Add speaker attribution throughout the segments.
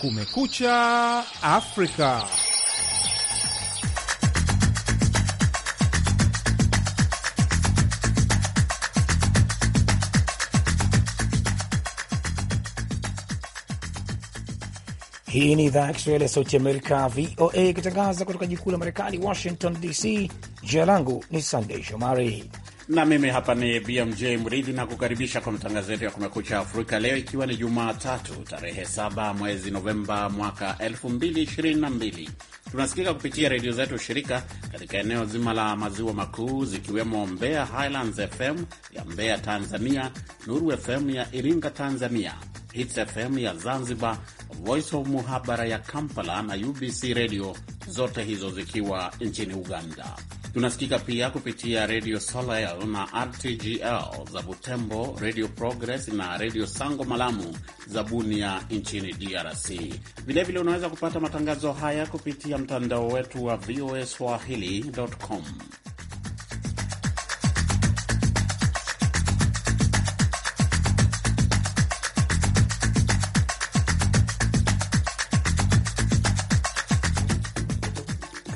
Speaker 1: Kumekucha Afrika.
Speaker 2: Hii ni idhaa ya Kiswahili ya Sauti Amerika, VOA, ikitangaza kutoka jikuu la Marekani, Washington DC. Jina langu ni Sandei Shomari
Speaker 1: na mimi hapa ni BMJ Mridhi na kukaribisha kwa matangazo yetu ya Kumekucha Afrika leo, ikiwa ni Jumatatu tarehe 7 mwezi Novemba mwaka 2022. Tunasikika kupitia redio zetu shirika katika eneo zima la maziwa makuu zikiwemo Mbeya Highlands FM ya Mbeya Tanzania, Nuru FM ya Iringa Tanzania, Hits FM ya Zanzibar Voice of Muhabara ya Kampala na UBC Radio, zote hizo zikiwa nchini Uganda. Tunasikika pia kupitia Radio Soleil na RTGL za Butembo, Radio Progress na Radio Sango Malamu za Bunia nchini DRC. Vilevile unaweza kupata matangazo haya kupitia mtandao wetu wa VOA swahili.com.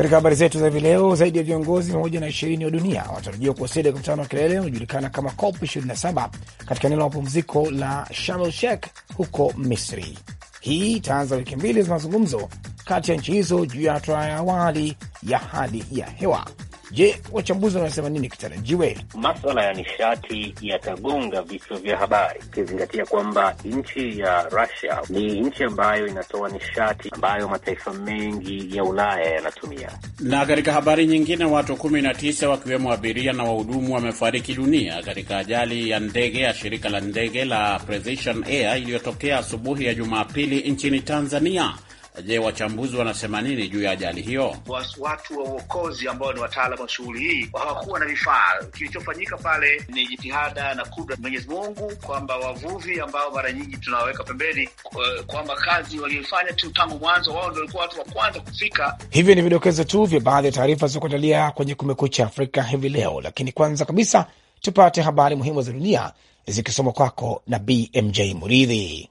Speaker 2: Katika habari zetu za hivi leo, zaidi ya viongozi mia moja na ishirini wa dunia wanatarajiwa kuwasili mkutano wa kilele unajulikana kama COP 27 katika eneo la mapumziko la Sharm el Sheikh huko Misri. Hii itaanza wiki mbili za mazungumzo kati ya nchi hizo juu ya hatua ya awali ya hali ya hewa Je, wachambuzi wanasema nini kitarajiwe?
Speaker 3: Maswala ya nishati yatagonga vichwa vya habari, ukizingatia kwamba nchi ya Russia ni nchi ambayo inatoa nishati ambayo mataifa mengi ya Ulaya yanatumia.
Speaker 1: Na katika habari nyingine, watu kumi na tisa wakiwemo abiria na wahudumu wamefariki dunia katika ajali ya ndege ya shirika la ndege la Precision Air iliyotokea asubuhi ya Jumapili nchini Tanzania. Je, wachambuzi wanasema nini juu ya ajali hiyo?
Speaker 4: Watu wa uokozi ambao ni wataalam wa shughuli hii hawakuwa na vifaa. Kilichofanyika pale ni jitihada na kudra Mwenyezi Mungu kwamba wavuvi ambao mara nyingi tunawaweka pembeni, eh, kwamba kazi walioifanya tu tangu mwanzo, wao ndio walikuwa watu wa kwanza kufika.
Speaker 2: Hivyo ni vidokezo tu vya baadhi ya taarifa zilizokuandalia kwenye Kumekucha Afrika hivi leo, lakini kwanza kabisa tupate habari muhimu za dunia zikisomwa kwako na BMJ Muridhi.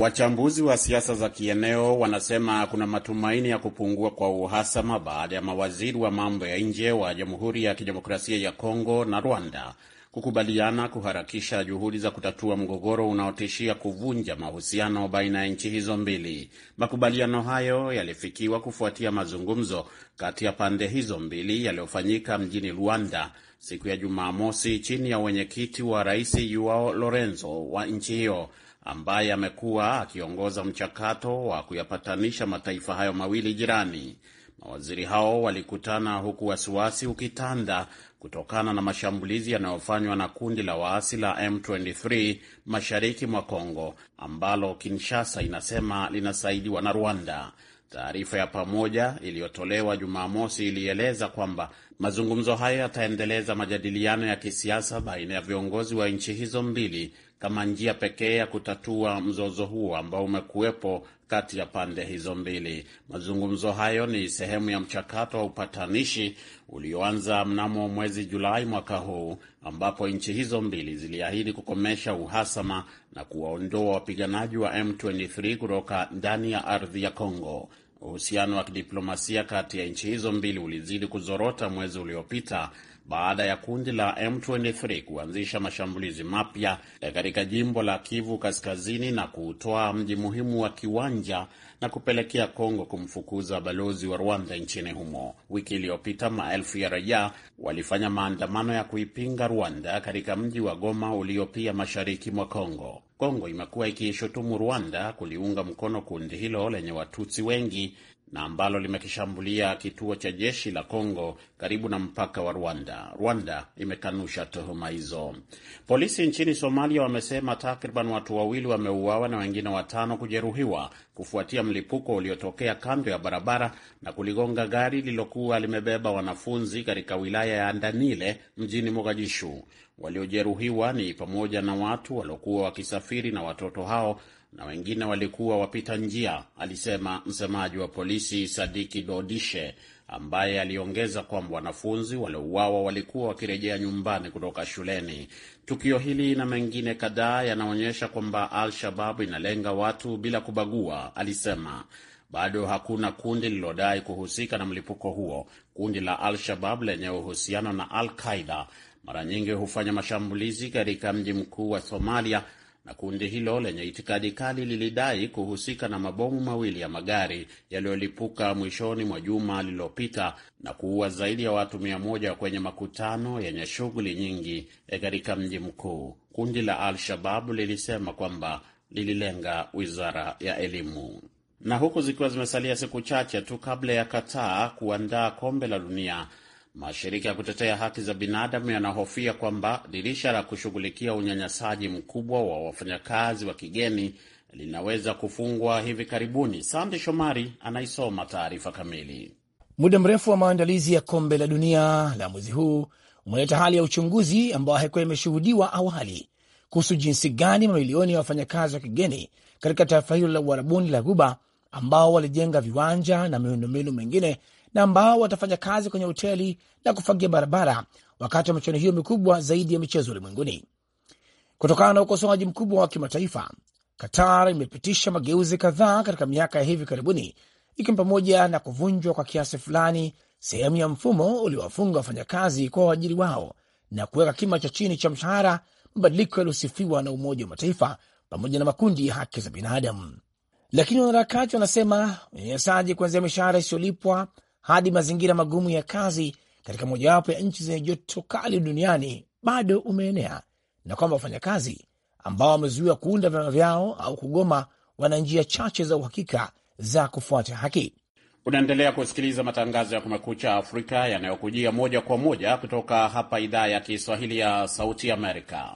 Speaker 1: Wachambuzi wa siasa za kieneo wanasema kuna matumaini ya kupungua kwa uhasama baada ya mawaziri wa mambo ya nje wa Jamhuri ya Kidemokrasia ya Kongo na Rwanda kukubaliana kuharakisha juhudi za kutatua mgogoro unaotishia kuvunja mahusiano baina ya nchi hizo mbili. Makubaliano hayo yalifikiwa kufuatia mazungumzo kati ya pande hizo mbili yaliyofanyika mjini rwanda siku ya Jumamosi chini ya wenyekiti wa Rais Yuao Lorenzo wa nchi hiyo ambaye amekuwa akiongoza mchakato wa kuyapatanisha mataifa hayo mawili jirani. Mawaziri hao walikutana huku wasiwasi ukitanda kutokana na mashambulizi yanayofanywa na kundi la waasi la M23 mashariki mwa congo ambalo Kinshasa inasema linasaidiwa na Rwanda. Taarifa ya pamoja iliyotolewa Jumamosi ilieleza kwamba mazungumzo hayo yataendeleza majadiliano ya kisiasa baina ya viongozi wa nchi hizo mbili kama njia pekee ya kutatua mzozo huo ambao umekuwepo kati ya pande hizo mbili. Mazungumzo hayo ni sehemu ya mchakato wa upatanishi ulioanza mnamo mwezi Julai mwaka huu, ambapo nchi hizo mbili ziliahidi kukomesha uhasama na kuwaondoa wapiganaji wa M23 kutoka ndani ya ardhi ya Kongo. Uhusiano wa kidiplomasia kati ya nchi hizo mbili ulizidi kuzorota mwezi uliopita baada ya kundi la M23 kuanzisha mashambulizi mapya eh, katika jimbo la Kivu Kaskazini na kuutoa mji muhimu wa Kiwanja na kupelekea Kongo kumfukuza balozi wa Rwanda nchini humo. Wiki iliyopita maelfu ya raia walifanya maandamano ya kuipinga Rwanda katika mji wa Goma ulio pia mashariki mwa Kongo. Kongo imekuwa ikiishutumu Rwanda kuliunga mkono kundi hilo lenye Watutsi wengi na ambalo limekishambulia kituo cha jeshi la congo karibu na mpaka wa Rwanda. Rwanda imekanusha tuhuma hizo. Polisi nchini Somalia wamesema takriban watu wawili wameuawa na wengine watano kujeruhiwa kufuatia mlipuko uliotokea kando ya barabara na kuligonga gari lililokuwa limebeba wanafunzi katika wilaya ya Danile mjini Mogadishu. Waliojeruhiwa ni pamoja na watu waliokuwa wakisafiri na watoto hao na wengine walikuwa wapita njia, alisema msemaji wa polisi Sadiki Dodishe, ambaye aliongeza kwamba wanafunzi waliouawa walikuwa wakirejea nyumbani kutoka shuleni. Tukio hili na mengine kadhaa yanaonyesha kwamba al shabab inalenga watu bila kubagua, alisema. Bado hakuna kundi lililodai kuhusika na mlipuko huo. Kundi la Al-Shabab lenye uhusiano na Al-Qaida mara nyingi hufanya mashambulizi katika mji mkuu wa Somalia na kundi hilo lenye itikadi kali lilidai kuhusika na mabomu mawili ya magari yaliyolipuka mwishoni mwa juma lililopita na kuua zaidi ya watu mia moja kwenye makutano yenye shughuli nyingi eh, katika mji mkuu. Kundi la Al-Shababu lilisema kwamba lililenga wizara ya elimu. Na huku zikiwa zimesalia siku chache tu kabla ya Kataa kuandaa kombe la dunia Mashirika ya kutetea haki za binadamu yanahofia kwamba dirisha la kushughulikia unyanyasaji mkubwa wa wafanyakazi wa kigeni linaweza kufungwa hivi karibuni. Sande Shomari anaisoma taarifa kamili.
Speaker 2: Muda mrefu wa maandalizi ya kombe la dunia la mwezi huu umeleta hali ya uchunguzi ambayo haikuwa imeshuhudiwa awali kuhusu jinsi gani mamilioni ya wafanyakazi wa kigeni katika taifa hilo la uharabuni la Ghuba ambao walijenga viwanja na miundombinu mingine na ambao watafanya kazi kwenye hoteli na kufagia barabara wakati wa michuano hiyo mikubwa zaidi ya michezo ulimwenguni. Kutokana na ukosoaji mkubwa wa kimataifa, Qatar imepitisha mageuzi kadhaa katika miaka ya hivi karibuni, ikiwa pamoja na kuvunjwa kwa kiasi fulani sehemu ya mfumo uliowafunga wafanyakazi kwa waajiri wao na kuweka kima cha chini cha mshahara, mabadiliko yaliyosifiwa na Umoja wa Mataifa pamoja na makundi ya haki za binadamu. Lakini wanaharakati wanasema unyanyasaji kuanzia mishahara isiyolipwa hadi mazingira magumu ya kazi katika mojawapo ya nchi zenye joto kali duniani bado umeenea na kwamba wafanyakazi ambao wamezuiwa kuunda vyama vyao au kugoma wana njia chache za uhakika za kufuata haki.
Speaker 1: Unaendelea kusikiliza matangazo ya Kumekucha Afrika yanayokujia moja kwa moja kutoka hapa idhaa ya Kiswahili ya Sauti Amerika.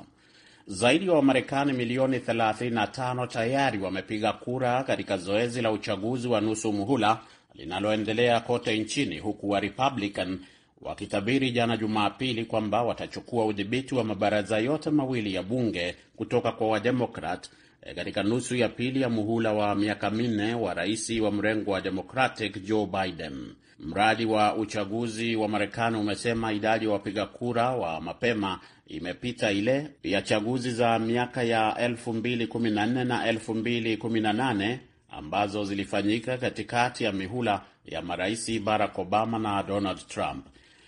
Speaker 1: Zaidi ya wa Wamarekani milioni 35 tayari wamepiga kura katika zoezi la uchaguzi wa nusu muhula linaloendelea kote nchini, huku wa Republican wakitabiri jana Jumapili kwamba watachukua udhibiti wa mabaraza yote mawili ya bunge kutoka kwa Wademokrat eh, katika nusu ya pili ya muhula wa miaka minne wa rais wa mrengo wa Democratic Joe Biden. Mradi wa uchaguzi wa Marekani umesema idadi ya wapiga kura wa mapema imepita ile ya chaguzi za miaka ya 2014 na 2018 ambazo zilifanyika katikati ya mihula ya marais Barack Obama na Donald Trump.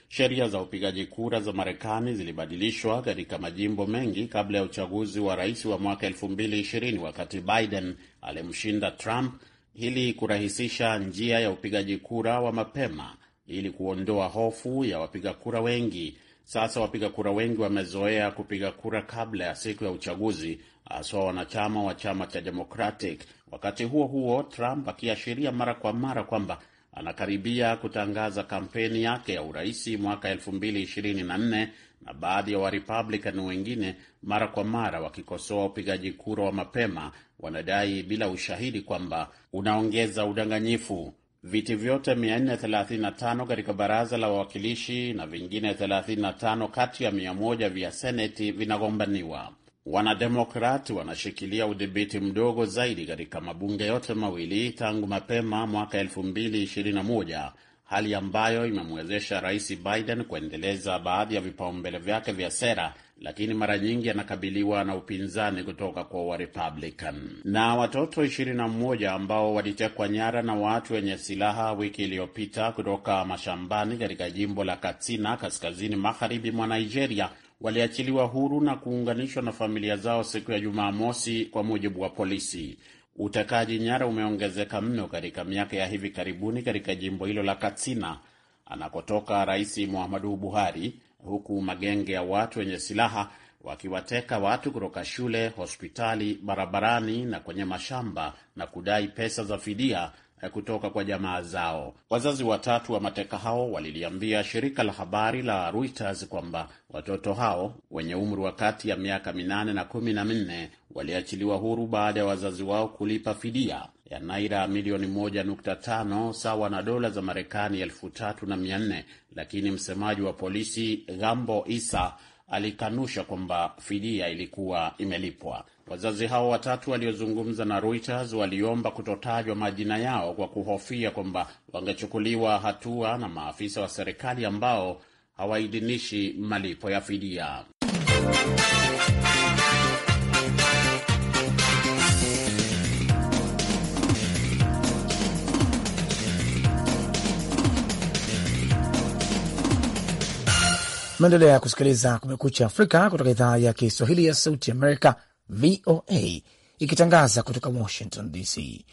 Speaker 1: Sheria za upigaji kura za Marekani zilibadilishwa katika majimbo mengi kabla ya uchaguzi wa rais wa mwaka 2020 wakati Biden alimshinda Trump ili kurahisisha njia ya upigaji kura wa mapema ili kuondoa hofu ya wapiga kura wengi. Sasa wapiga kura wengi wamezoea kupiga kura kabla ya siku ya uchaguzi, haswa wanachama wa chama cha Democratic Wakati huo huo, Trump akiashiria mara kwa mara kwamba anakaribia kutangaza kampeni yake ya uraisi mwaka 2024 na baadhi ya Warepublican wengine mara kwa mara wakikosoa upigaji kura wa mapema, wanadai bila ushahidi kwamba unaongeza udanganyifu. Viti vyote 435 katika baraza la wawakilishi na vingine 35 kati ya 100 vya seneti vinagombaniwa. Wanademokrati wanashikilia udhibiti mdogo zaidi katika mabunge yote mawili tangu mapema mwaka 2021, hali ambayo imemwezesha Rais Biden kuendeleza baadhi ya vipaumbele vyake vya sera, lakini mara nyingi anakabiliwa na upinzani kutoka kwa Warepublican. Na watoto 21 ambao walitekwa nyara na watu wenye silaha wiki iliyopita kutoka mashambani katika jimbo la Katsina kaskazini magharibi mwa Nigeria waliachiliwa huru na kuunganishwa na familia zao siku ya Jumamosi, kwa mujibu wa polisi. Utekaji nyara umeongezeka mno katika miaka ya hivi karibuni katika jimbo hilo la Katsina anakotoka Rais Muhammadu Buhari, huku magenge ya watu wenye silaha wakiwateka watu kutoka shule, hospitali, barabarani na kwenye mashamba na kudai pesa za fidia Eh, kutoka kwa jamaa zao. Wazazi watatu wa mateka hao waliliambia shirika la habari la Reuters kwamba watoto hao wenye umri wa kati ya miaka minane na kumi na minne waliachiliwa huru baada ya wazazi wao kulipa fidia ya naira milioni moja nukta tano sawa na dola za Marekani elfu tatu na mia nne lakini msemaji wa polisi Gambo Isa alikanusha kwamba fidia ilikuwa imelipwa. Wazazi hao watatu waliozungumza na Reuters waliomba kutotajwa majina yao kwa kuhofia kwamba wangechukuliwa hatua na maafisa wa serikali ambao hawaidhinishi malipo ya fidia.
Speaker 2: Maendelea ya kusikiliza Kumekucha Afrika kutoka idhaa ya Kiswahili ya Sauti Amerika VOA ikitangaza kutoka Washington DC.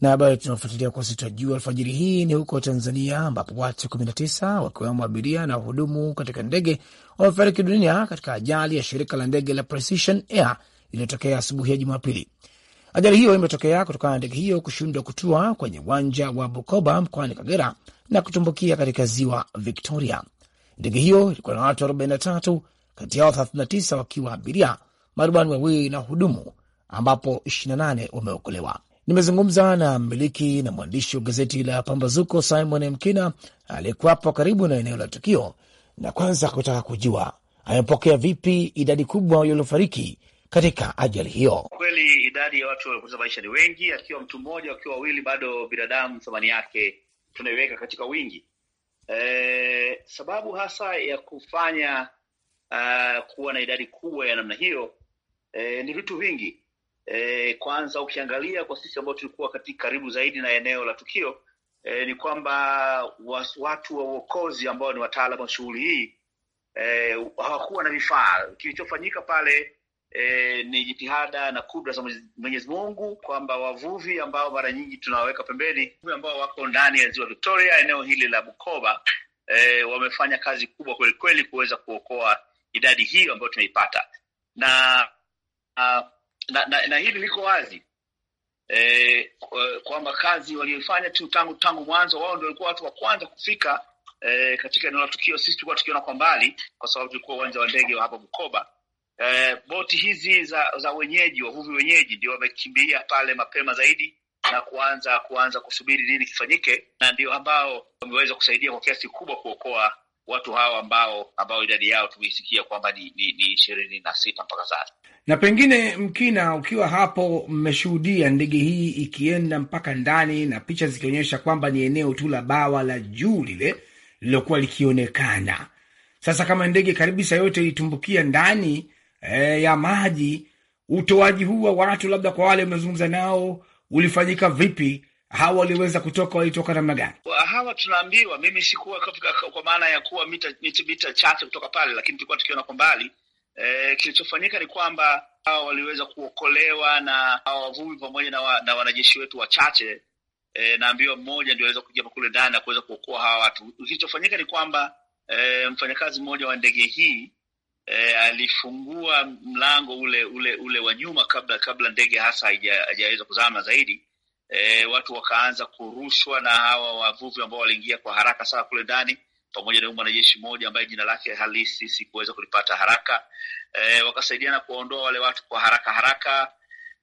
Speaker 2: Na habari tunaofuatilia kwa sita juu alfajiri hii ni huko Tanzania, ambapo watu 19 wakiwemo abiria na wahudumu katika ndege wamefariki dunia katika ajali ya shirika la ndege la Precision Air iliyotokea asubuhi ya Jumapili. Ajali hiyo imetokea kutokana na ndege hiyo kushindwa kutua kwenye uwanja wa Bukoba mkoani Kagera na kutumbukia katika ziwa Victoria. Ndege hiyo ilikuwa na watu 43, kati yao 39 wakiwa abiria marubani wawili na hudumu, ambapo 28 wameokolewa. Nimezungumza na mmiliki na mwandishi wa gazeti la Pambazuko Simon Mkina aliyekuwapo karibu na eneo la tukio, na kwanza kutaka kujua amepokea vipi idadi kubwa waliofariki katika ajali hiyo.
Speaker 4: Kweli idadi ya watu waliopoteza maisha ni wengi, akiwa mtu mmoja, akiwa wawili, bado binadamu thamani yake tunaiweka katika wingi. E, sababu hasa ya kufanya uh, kuwa na idadi kubwa ya namna hiyo eh, ni vitu vingi eh, kwanza ukiangalia kwa sisi ambao tulikuwa katika karibu zaidi na eneo la tukio eh, ni kwamba watu wa uokozi ambao ni wataalamu wa shughuli hii eh, hawakuwa na vifaa. Kilichofanyika pale e, ni jitihada na kudra za Mwenyezi Mungu kwamba wavuvi ambao mara nyingi tunawaweka pembeni, ambao wako ndani ya ziwa Victoria, eneo hili la Bukoba e, wamefanya kazi kubwa kwelikweli kuweza kuokoa idadi hiyo ambayo tumeipata na na, ah, na, na, na hili liko wazi e, kwamba kazi walioifanya tu tangu tangu mwanzo, wao ndio walikuwa watu wa kwanza kufika e, katika eneo la tukio. Sisi tulikuwa tukiona kwa mbali, kwa sababu tulikuwa uwanja wa ndege wa hapa Bukoba. E, boti hizi za za wenyeji, wavuvi wenyeji ndio wamekimbilia pale mapema zaidi na kuanza kuanza kusubiri nini kifanyike, na ndio ambao wameweza kusaidia kwa kiasi kikubwa kuokoa watu hawa ambao ambao idadi yao tumeisikia kwamba ni ishirini na sita mpaka sasa.
Speaker 2: Na pengine Mkina, ukiwa hapo, mmeshuhudia ndege hii ikienda mpaka ndani na picha zikionyesha kwamba ni eneo tu la bawa la juu lile lilokuwa likionekana. Sasa kama ndege karibisa yote ilitumbukia ndani e, ya maji, utoaji huu wa watu labda kwa wale umezungumza nao ulifanyika vipi? Hawa waliweza kutoka, walitoka namna gani?
Speaker 4: Hawa tunaambiwa, mimi sikuwa kwa maana ya kuwa mita, mita, mita chache kutoka pale, lakini tulikuwa tukiona kwa mbali E, kilichofanyika ni kwamba hawa waliweza kuokolewa na hawa wavuvi pamoja na, wa, na wanajeshi wetu wachache e, naambiwa mmoja ndio aweza kuingia kule ndani na kuweza kuokoa hawa watu. Kilichofanyika ni kwamba e, mfanyakazi mmoja wa ndege hii e, alifungua mlango ule ule ule wa nyuma kabla kabla ndege hasa haijaweza kuzama zaidi. E, watu wakaanza kurushwa na hawa wavuvi ambao waliingia kwa haraka sana kule ndani pamoja na mwanajeshi mmoja ambaye jina lake halisi sikuweza kulipata haraka. E, wakasaidiana kuwaondoa wale watu kwa haraka haraka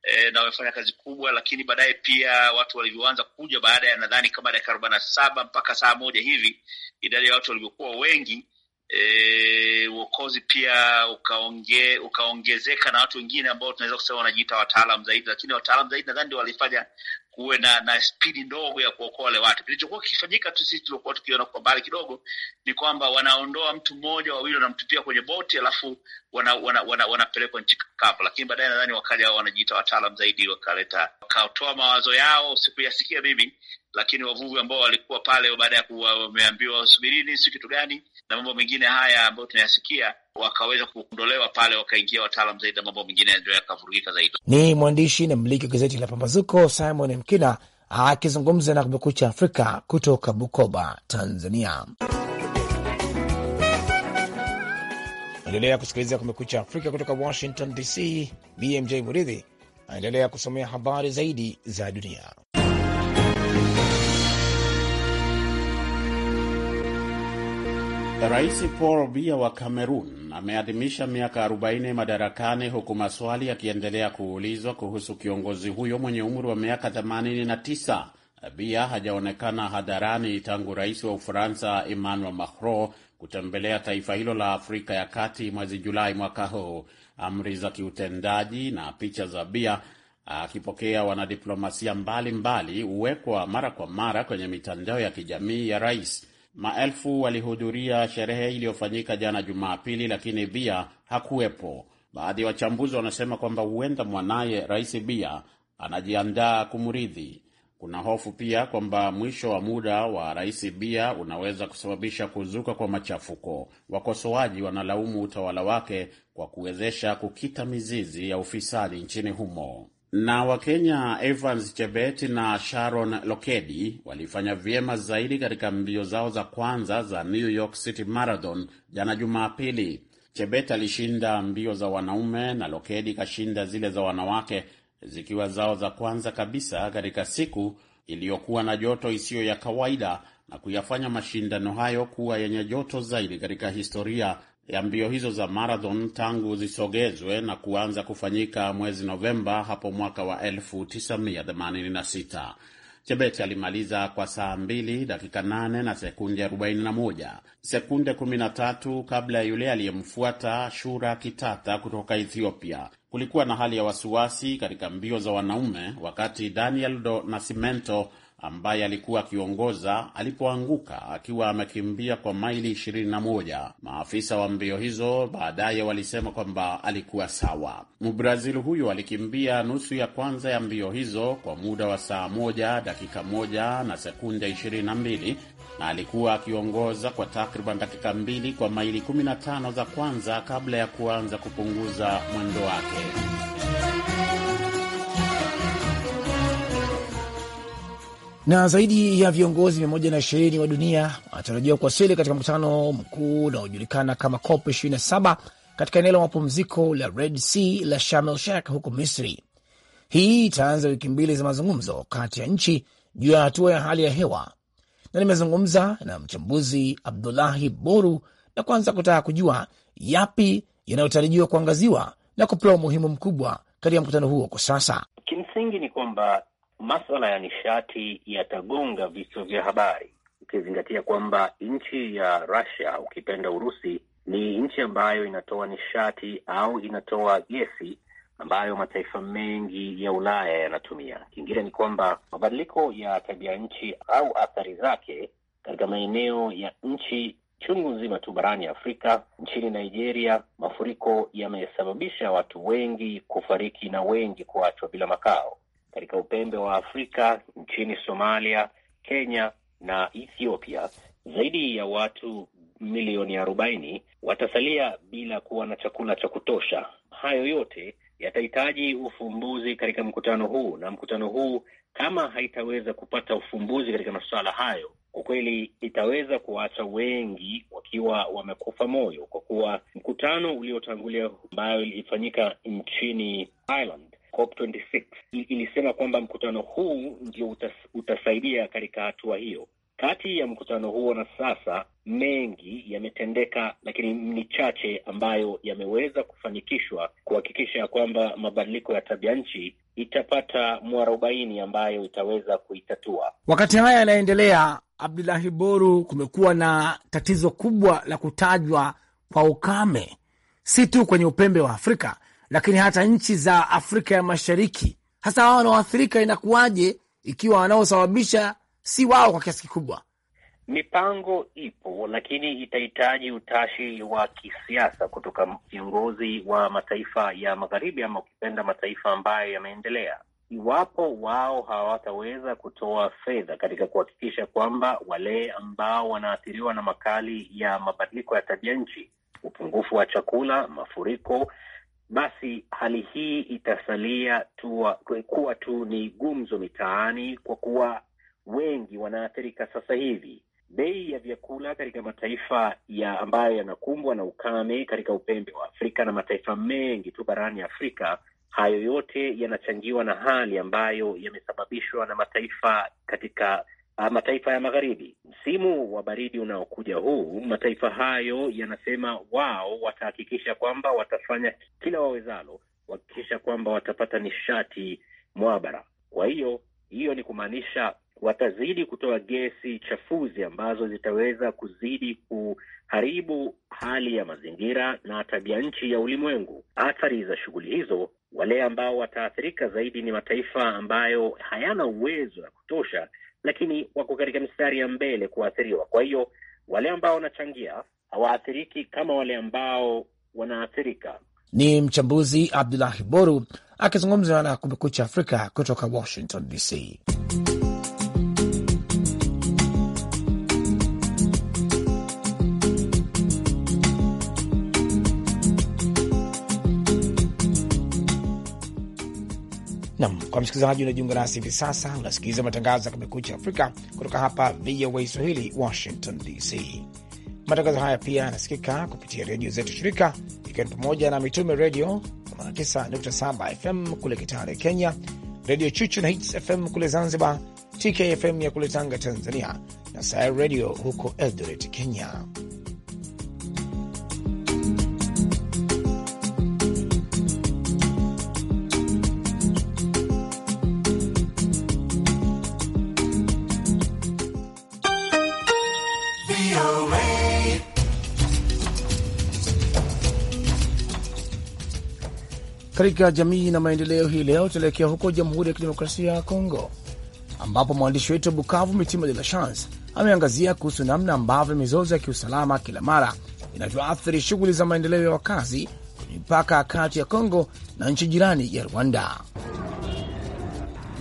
Speaker 4: e, na wamefanya kazi kubwa, lakini baadaye pia watu walivyoanza kuja baada ya nadhani kama dakika arobaini na saba mpaka saa moja hivi idadi ya watu walivyokuwa wengi E, uokozi pia ukaonge, ukaongezeka na watu wengine ambao tunaweza kusema wanajiita wataalam zaidi, lakini wataalam zaidi nadhani ndio walifanya kuwe na, na spidi ndogo ya kuokoa wale watu. Kilichokuwa kikifanyika tu sisi tuliokuwa tukiona kwa mbali kidogo ni kwamba wanaondoa mtu mmoja wawili, wanamtupia kwenye boti, alafu wanapelekwa wana, wana, wana nchi kavu. Lakini baadaye nadhani wakaja wao wanajiita wataalam zaidi, wakaleta wakatoa mawazo yao, sikuyasikia mimi lakini wavuvi ambao walikuwa pale baada ya kuwa wameambiwa subirini, si kitu gani, na mambo mengine haya ambayo tunayasikia, wakaweza kuondolewa pale, wakaingia wataalam zaidi, na mambo mengine ndio yakavurugika zaidi.
Speaker 2: Ni mwandishi na mmiliki wa gazeti la Pambazuko Simon Mkina akizungumza na Kumekucha Afrika kutoka Bukoba, Tanzania. Endelea kusikiliza Kumekucha Afrika kutoka Washington DC. BMJ Muridhi anaendelea kusomea habari zaidi za dunia.
Speaker 1: Rais Paul bia wa cameron ameadhimisha miaka 40 madarakani huku maswali yakiendelea kuulizwa kuhusu kiongozi huyo mwenye umri wa miaka 89. bia hajaonekana hadharani tangu rais wa Ufaransa Emmanuel Macron kutembelea taifa hilo la Afrika ya Kati mwezi Julai mwaka huu. Amri za kiutendaji na picha za bia akipokea wanadiplomasia mbalimbali huwekwa mara kwa mara kwenye mitandao ya kijamii ya rais. Maelfu walihudhuria sherehe iliyofanyika jana Jumapili, lakini Bia hakuwepo. Baadhi ya wachambuzi wanasema kwamba huenda mwanaye Rais Bia anajiandaa kumrithi. Kuna hofu pia kwamba mwisho wa muda wa Rais Bia unaweza kusababisha kuzuka kwa machafuko. Wakosoaji wanalaumu utawala wake kwa kuwezesha kukita mizizi ya ufisadi nchini humo. Na Wakenya Evans Chebet na Sharon Lokedi walifanya vyema zaidi katika mbio zao za kwanza za New York City Marathon jana Jumapili. Chebet alishinda mbio za wanaume na Lokedi kashinda zile za wanawake, zikiwa zao za kwanza kabisa katika siku iliyokuwa na joto isiyo ya kawaida na kuyafanya mashindano hayo kuwa yenye joto zaidi katika historia ya mbio hizo za marathon tangu zisogezwe na kuanza kufanyika mwezi Novemba hapo mwaka wa 1986. Chebet alimaliza kwa saa 2 dakika 8 na sekunde 41, sekunde 13 kabla ya yule aliyemfuata Shura Kitata kutoka Ethiopia. Kulikuwa na hali ya wasiwasi katika mbio za wanaume wakati Daniel Do Nascimento ambaye alikuwa akiongoza alipoanguka akiwa amekimbia kwa maili 21. Maafisa wa mbio hizo baadaye walisema kwamba alikuwa sawa. Mbrazil huyo alikimbia nusu ya kwanza ya mbio hizo kwa muda wa saa moja dakika moja na sekunde 22 na alikuwa akiongoza kwa takriban dakika mbili kwa maili 15 za kwanza kabla ya kuanza kupunguza mwendo wake.
Speaker 2: Na zaidi ya viongozi mia moja na ishirini wa dunia wanatarajiwa kuwasili katika mkutano mkuu unaojulikana kama COP 27 katika eneo la mapumziko la Red Sea la Sharm el Sheikh huko Misri. Hii itaanza wiki mbili za mazungumzo kati ya nchi juu ya hatua ya hali ya hewa, na nimezungumza na mchambuzi Abdulahi Boru na kwanza kutaka kujua yapi yanayotarajiwa kuangaziwa na kupewa umuhimu mkubwa katika mkutano huo kwa sasa.
Speaker 3: Kimsingi ni kwamba maswala ya nishati yatagonga vichwa vya habari, ukizingatia kwamba nchi ya Russia, ukipenda Urusi, ni nchi ambayo inatoa nishati au inatoa gesi ambayo mataifa mengi ya Ulaya yanatumia. Kingine ni kwamba mabadiliko ya tabia nchi au athari zake katika maeneo ya nchi chungu nzima tu barani Afrika. Nchini Nigeria, mafuriko yamesababisha watu wengi kufariki na wengi kuachwa bila makao katika upembe wa Afrika nchini Somalia, Kenya na Ethiopia, zaidi ya watu milioni arobaini watasalia bila kuwa na chakula cha kutosha. Hayo yote yatahitaji ufumbuzi katika mkutano huu, na mkutano huu kama haitaweza kupata ufumbuzi katika masuala hayo, kwa kweli itaweza kuwaacha wengi wakiwa wamekufa moyo, kwa kuwa mkutano uliotangulia ambayo ilifanyika nchini Ireland COP26 ilisema kwamba mkutano huu ndio utas, utasaidia katika hatua hiyo. Kati ya mkutano huo na sasa, mengi yametendeka, lakini ni chache ambayo yameweza kufanikishwa kuhakikisha kwamba mabadiliko ya tabia nchi itapata mwarobaini ambayo itaweza
Speaker 2: kuitatua. Wakati haya yanaendelea, Abdulahi Boru, kumekuwa na tatizo kubwa la kutajwa kwa ukame, si tu kwenye upembe wa Afrika lakini hata nchi za Afrika ya Mashariki, hasa hawa wanaoathirika, inakuwaje ikiwa wanaosababisha si wao kwa kiasi kikubwa?
Speaker 3: Mipango ipo lakini itahitaji utashi wa kisiasa kutoka viongozi wa mataifa ya magharibi ama ukipenda mataifa ambayo yameendelea. Iwapo wao hawataweza kutoa fedha katika kuhakikisha kwamba wale ambao wanaathiriwa na makali ya mabadiliko ya tabia nchi, upungufu wa chakula, mafuriko basi hali hii itasalia tuwa, kuwa tu ni gumzo mitaani, kwa kuwa wengi wanaathirika sasa hivi. Bei ya vyakula katika mataifa ya ambayo yanakumbwa na ukame katika upembe wa Afrika na mataifa mengi tu barani Afrika, hayo yote yanachangiwa na hali ambayo yamesababishwa na mataifa katika Ah, mataifa ya magharibi. Msimu wa baridi unaokuja huu, mataifa hayo yanasema wao watahakikisha kwamba watafanya kila wawezalo kuhakikisha kwamba watapata nishati mwabara. Kwa hiyo hiyo ni kumaanisha watazidi kutoa gesi chafuzi ambazo zitaweza kuzidi kuharibu hali ya mazingira na tabia nchi ya ulimwengu. Athari za shughuli hizo, wale ambao wataathirika zaidi ni mataifa ambayo hayana uwezo wa kutosha lakini wako katika mistari ya mbele kuathiriwa. Kwa hiyo wale ambao wanachangia hawaathiriki kama wale ambao wanaathirika.
Speaker 2: Ni mchambuzi Abdulahi Boru akizungumza na Kumekucha Afrika kutoka Washington DC. Nam kwa msikilizaji unajiunga nasi hivi sasa, unasikiliza matangazo ya Kumekucha Afrika kutoka hapa VOA Swahili, Washington DC. Matangazo haya pia yanasikika kupitia redio zetu shirika, ikiwa ni pamoja na Mitume Redio 89.7 FM kule Kitale, Kenya, Redio Chuchu na Hits FM kule Zanzibar, TKFM ya kule Tanga, Tanzania, na Sayari Redio huko Eldoret, Kenya. Katika jamii na maendeleo, hii leo tunaelekea huko Jamhuri ya Kidemokrasia ya Kongo, ambapo mwandishi wetu wa Bukavu Mitima De La Chance ameangazia kuhusu namna ambavyo mizozo ya kiusalama kila mara inavyoathiri shughuli za maendeleo ya wakazi kwenye mipaka kati ya Kongo na nchi jirani ya Rwanda.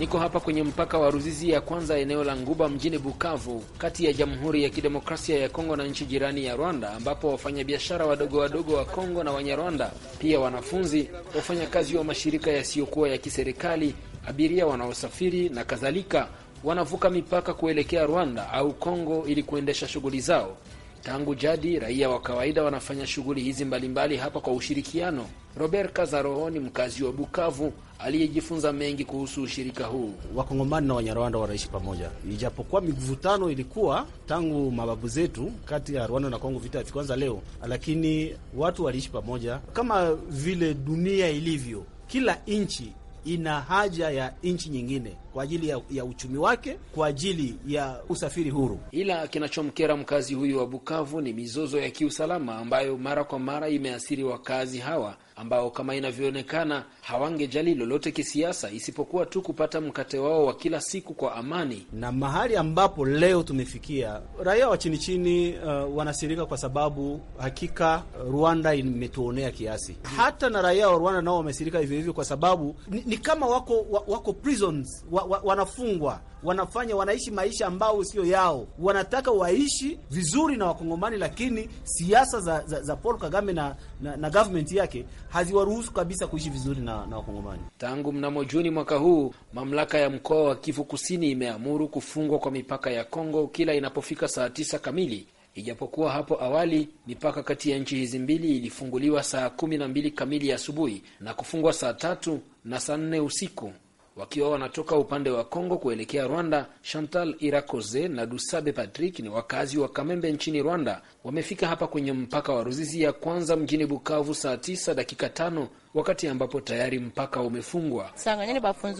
Speaker 5: Niko hapa kwenye mpaka wa Ruzizi ya kwanza eneo la Nguba mjini Bukavu, kati ya Jamhuri ya Kidemokrasia ya Kongo na nchi jirani ya Rwanda, ambapo wafanyabiashara wadogo wadogo wa Kongo na Wanyarwanda, pia wanafunzi, wafanyakazi wa mashirika yasiyokuwa ya kiserikali, abiria wanaosafiri na kadhalika, wanavuka mipaka kuelekea Rwanda au Kongo ili kuendesha shughuli zao. Tangu jadi raia wa kawaida wanafanya shughuli hizi mbalimbali hapa kwa ushirikiano. Robert kazaroho ni mkazi wa Bukavu aliyejifunza mengi kuhusu ushirika huu. Wakongomani na Wanyarwanda wanaishi pamoja, ijapokuwa mivutano ilikuwa tangu mababu zetu kati ya Rwanda na Kongo, vita
Speaker 4: kwanza leo, lakini watu waliishi pamoja kama vile dunia ilivyo. Kila nchi ina haja ya nchi nyingine kwa ajili ya, ya uchumi wake, kwa ajili ya usafiri huru.
Speaker 5: Ila kinachomkera mkazi huyu wa Bukavu ni mizozo ya kiusalama ambayo mara kwa mara imeathiri wakazi hawa ambao kama inavyoonekana hawangejali lolote kisiasa isipokuwa tu kupata mkate wao wa kila siku kwa amani.
Speaker 4: Na mahali ambapo leo tumefikia, raia wa chini chini uh, wanasirika kwa sababu hakika uh, Rwanda imetuonea kiasi. Hata na raia wa Rwanda nao wamesirika hivyo hivyo kwa sababu ni, ni kama wako wako prisons wa, wa, wanafungwa wanafanya wanaishi maisha ambao sio yao. Wanataka waishi vizuri na Wakongomani, lakini siasa za, za, za Paul Kagame na, na, na government yake haziwaruhusu kabisa kuishi vizuri
Speaker 5: na, na Wakongomani. Tangu mnamo Juni mwaka huu, mamlaka ya mkoa wa Kivu Kusini imeamuru kufungwa kwa mipaka ya Kongo kila inapofika saa tisa kamili. Ijapokuwa hapo awali mipaka kati ya nchi hizi mbili ilifunguliwa saa kumi na mbili kamili asubuhi na kufungwa saa tatu na saa nne usiku wakiwa wanatoka upande wa Kongo kuelekea Rwanda. Chantal Irakoze na Dusabe Patrick ni wakazi wa Kamembe nchini Rwanda, wamefika hapa kwenye mpaka wa Ruzizi ya kwanza mjini Bukavu saa tisa dakika tano wakati ambapo tayari mpaka umefungwa.
Speaker 2: sanga mu Rwanda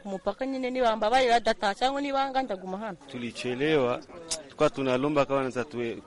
Speaker 2: kumupaka nyine cyangwa nibanga ndaguma hano.
Speaker 5: Tulichelewa tukwa tunalomba kawa naza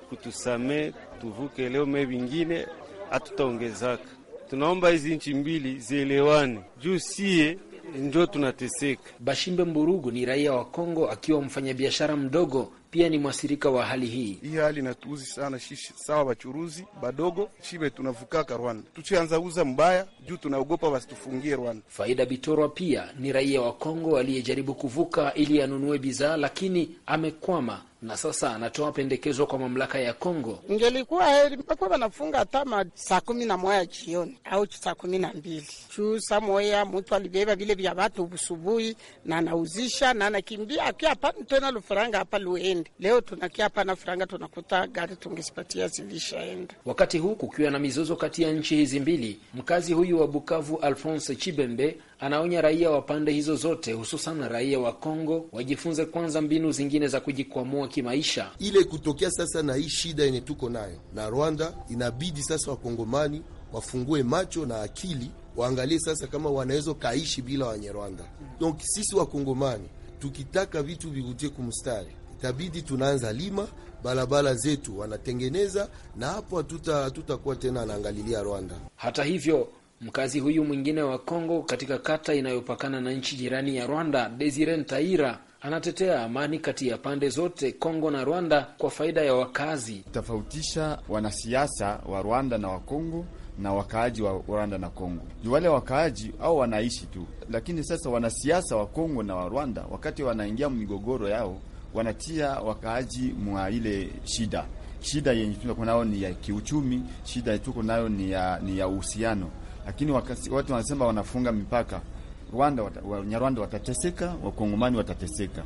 Speaker 5: kutusamee tuvuke leo mee bingine hatutaongezaka. Tunaomba hizi nchi mbili zielewane, juu sie njo tunateseka. Bashimbe Mburugu ni raia wa Kongo, akiwa mfanyabiashara mdogo pia ni mwasirika wa hali hii. Hii hali inatuuzi sana shishi, sawa wachuruzi badogo shibe tunavukaka Rwanda tuchianza uza mbaya juu tunaogopa wasitufungie Rwanda. Faida Bitorwa pia ni raia wa Kongo aliyejaribu kuvuka ili anunue bidhaa lakini amekwama na sasa anatoa pendekezo kwa mamlaka ya Kongo.
Speaker 2: Ingelikuwa heri mpaka wanafunga tama saa kumi na moya jioni au saa kumi na mbili juu moya mutu alibeba vile vya watu busubuhi na anauzisha na anakimbia akia hapa tena lufaranga hapa luen haiendi. Leo tunakia hapana franga, tunakuta gari tungezipatia zilishaenda.
Speaker 5: Wakati huu kukiwa na mizozo kati ya nchi hizi mbili, mkazi huyu wa Bukavu
Speaker 2: Alphonse Chibembe
Speaker 5: anaonya raia wa pande hizo zote, hususan raia wa Kongo wajifunze kwanza mbinu zingine za kujikwamua kimaisha. Ile kutokea sasa na hii shida yenye tuko nayo na Rwanda, inabidi sasa wakongomani wafungue macho na akili, waangalie sasa kama wanaweza kaishi bila Wanyarwanda. Donc sisi wakongomani tukitaka vitu vivutie kumstari itabidi tunaanza lima barabara zetu wanatengeneza, na hapo hatutakuwa tena anaangalilia Rwanda. Hata hivyo mkazi huyu mwingine wa Kongo katika kata inayopakana na nchi jirani ya Rwanda, Desire Ntaira anatetea amani kati ya pande zote Kongo na Rwanda kwa faida ya wakazi. Tofautisha wanasiasa wa Rwanda na wa Kongo na wakaaji wa Rwanda na Kongo juu wale wakaaji au wanaishi
Speaker 4: tu, lakini sasa wanasiasa wa Kongo na wa Rwanda wakati wanaingia migogoro yao wanatia wakaaji mwa ile shida. Shida yenye tuko nayo ni ya kiuchumi, shida tuko nayo ni ya ni ya uhusiano, lakini watu wanasema wanafunga mipaka Rwanda wata, Wanyarwanda watateseka, Wakongomani watateseka.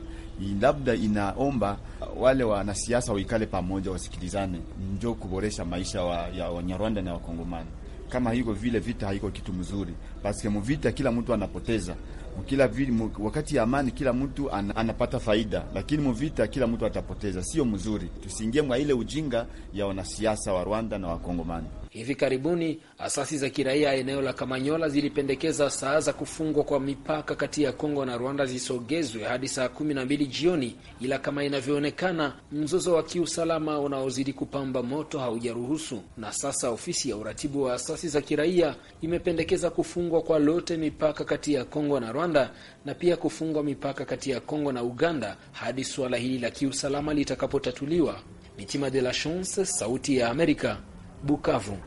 Speaker 4: Labda inaomba wale wanasiasa waikale pamoja, wasikilizane, njo kuboresha maisha wa, ya Wanyarwanda na Wakongomani. Kama hiko vile vita haiko kitu mzuri, paske muvita kila mtu anapoteza kila vile, wakati ya amani kila mtu an, anapata faida, lakini muvita kila mtu atapoteza. Sio mzuri, tusiingie mwa ile ujinga ya wanasiasa wa Rwanda na
Speaker 2: Wakongomani.
Speaker 5: Hivi karibuni asasi za kiraia eneo la Kamanyola zilipendekeza saa za kufungwa kwa mipaka kati ya Kongo na Rwanda zisogezwe hadi saa kumi na mbili jioni, ila kama inavyoonekana mzozo wa kiusalama unaozidi kupamba moto haujaruhusu. Na sasa ofisi ya uratibu wa asasi za kiraia imependekeza kufungwa kwa lote mipaka kati ya Kongo na Rwanda Rwanda na pia kufungwa mipaka kati ya Kongo na Uganda hadi suala hili la kiusalama litakapotatuliwa. Mitima de la Chance, Sauti ya Amerika, Bukavu.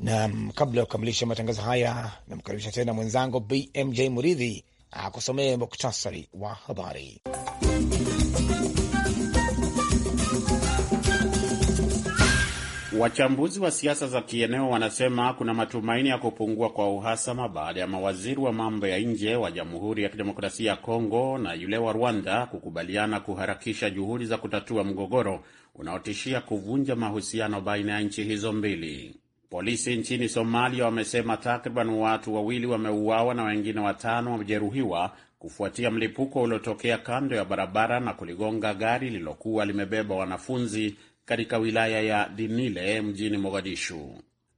Speaker 2: Nam, kabla ya kukamilisha matangazo haya, namkaribisha tena mwenzangu BMJ Muridhi akusomee muktasari wa habari.
Speaker 1: Wachambuzi wa siasa za kieneo wanasema kuna matumaini ya kupungua kwa uhasama baada ya mawaziri wa mambo ya nje wa Jamhuri ya Kidemokrasia ya Kongo na yule wa Rwanda kukubaliana kuharakisha juhudi za kutatua mgogoro unaotishia kuvunja mahusiano baina ya nchi hizo mbili. Polisi nchini Somalia wamesema takriban watu wawili wameuawa na wengine watano wamejeruhiwa kufuatia mlipuko uliotokea kando ya barabara na kuligonga gari lililokuwa limebeba wanafunzi katika wilaya ya Dinile mjini Mogadishu.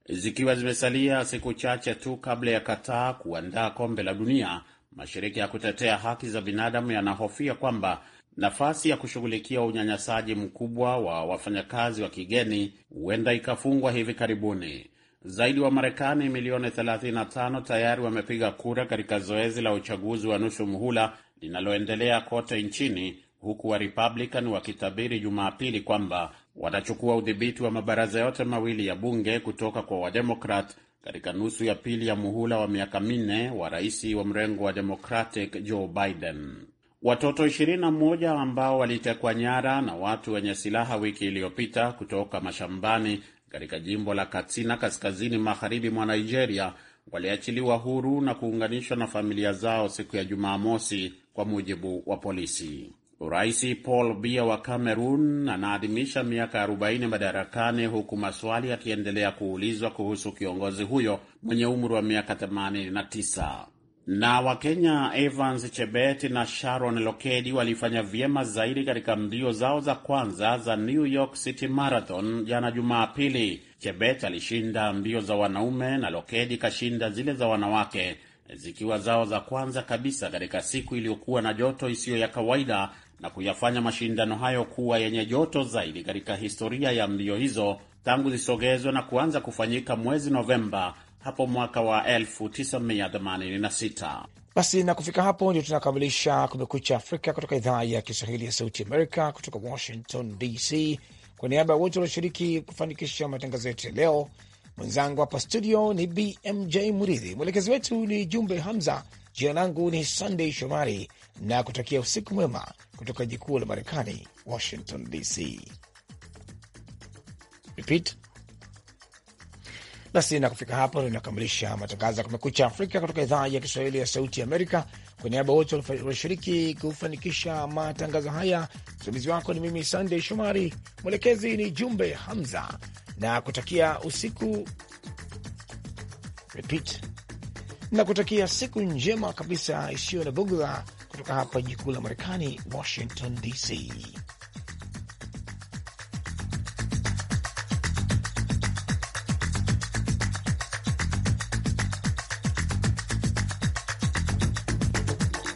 Speaker 1: Zikiwa zimesalia siku chache tu kabla ya Kataa kuandaa kombe la dunia, mashirika ya kutetea haki za binadamu yanahofia kwamba nafasi ya kushughulikia unyanyasaji mkubwa wa wafanyakazi wa kigeni huenda ikafungwa hivi karibuni. Zaidi wa Marekani milioni 35 tayari wamepiga kura katika zoezi la uchaguzi wa nusu muhula linaloendelea kote nchini, huku wa Republican wakitabiri Jumapili kwamba watachukua udhibiti wa mabaraza yote mawili ya bunge kutoka kwa Wademokrat katika nusu ya pili ya muhula wa miaka minne wa rais wa mrengo wa Democratic Joe Biden. Watoto 21 ambao walitekwa nyara na watu wenye silaha wiki iliyopita kutoka mashambani katika jimbo la Katsina kaskazini magharibi mwa Nigeria waliachiliwa huru na kuunganishwa na familia zao siku ya Jumamosi, kwa mujibu wa polisi. Rais Paul Biya wa Cameroon anaadhimisha miaka 40 madarakani, huku maswali yakiendelea kuulizwa kuhusu kiongozi huyo mwenye umri wa miaka 89. Na Wakenya Evans Chebet na Sharon Lokedi walifanya vyema zaidi katika mbio zao za kwanza za New York City Marathon jana Jumapili. Chebet alishinda mbio za wanaume na Lokedi kashinda zile za wanawake, zikiwa zao za kwanza kabisa katika siku iliyokuwa na joto isiyo ya kawaida na kuyafanya mashindano hayo kuwa yenye joto zaidi katika historia ya mbio hizo tangu zisogezwe na kuanza kufanyika mwezi Novemba hapo mwaka wa 1986.
Speaker 2: Basi na kufika hapo ndio tunakamilisha Kumekucha Afrika kutoka idhaa ya Kiswahili ya Sauti Amerika kutoka Washington DC. Kwa niaba ya wote walioshiriki kufanikisha matangazo yetu ya leo, mwenzangu hapa studio ni BMJ Muridhi, mwelekezi wetu ni Jumbe Hamza, jina langu ni Sunday Shomari na kutakia usiku mwema kutoka jikuu la Marekani, Washington DC. Repeat. Basi na kufika hapo inakamilisha matangazo ya Kumekucha Afrika kutoka idhaa ya Kiswahili ya Sauti Amerika. Kwa niaba wote walioshiriki kufanikisha matangazo haya, msimamizi wako ni mimi Sandey Shomari, mwelekezi ni Jumbe Hamza na kutakia usiku repeat, na kutakia siku njema kabisa isiyo na bugdha kutoka hapa jikuu la Marekani, Washington DC.